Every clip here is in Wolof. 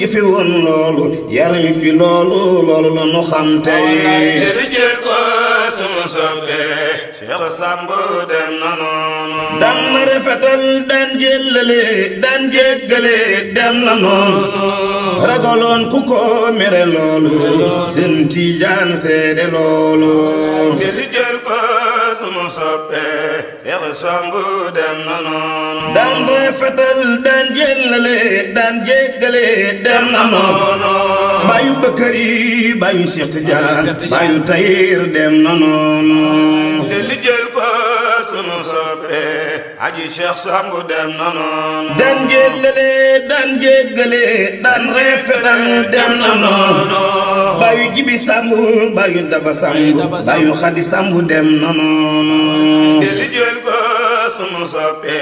jëfe woon loolu yar ñu loolu loolu la xam tey jël ko sunu soppe Cheikh Samb dem na ragaloon ku ko loolu seen seede loolu sombu dem na noonu. daan booy fetal daan dem na noonu. baayu bëkkër yi baayu Cheikh Tidiane baayu Tayir dem na noonu. te li jël ko sunu soppe dem na noonu. daan jëllale Sambu baayu Daba Sambu baayu Xadi Sambu dem na noonu. sunu soppe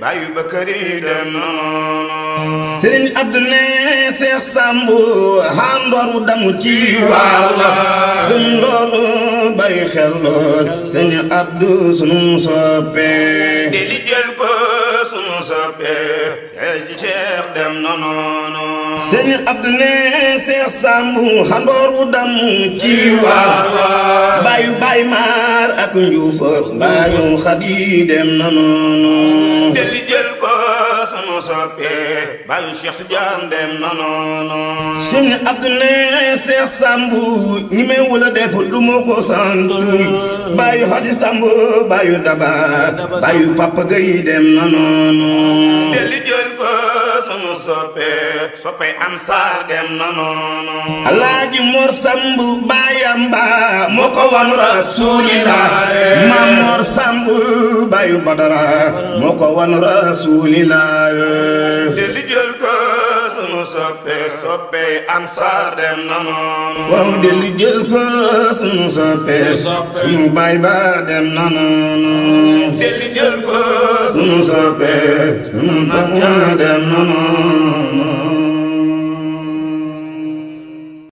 bàyyu bakari dem na noonu sëriñ Abdu ne Seex Sàmb xandooru damu ci wàlla gëm loolu bàyyi xel lool sëriñ Abdu sunu soppe di jël ko sunu soppe ji Seex dem na noonu sëriñ Abdu ne Seex Sàmb xandooru damu ci wàlla bàyyu ak njuufóor mbaa ñu xadi dem na noonu delli jël ko Sambu ñi may wula ko sant bàyyi Xadi Sambu bàyyi Daba bàyyi Papa Gueye dem na noonu nanu soppe soppe ansaar dem na noonu alaaji mor samb baayam moo ko wan rasulillah ma badara moo ko soppe ansaar dem na noonu. waaw dellu jël fa sunu soppe. sunu baay ba dem na noonu. dellu jël fa soppe. sunu baay ba dem na noonu.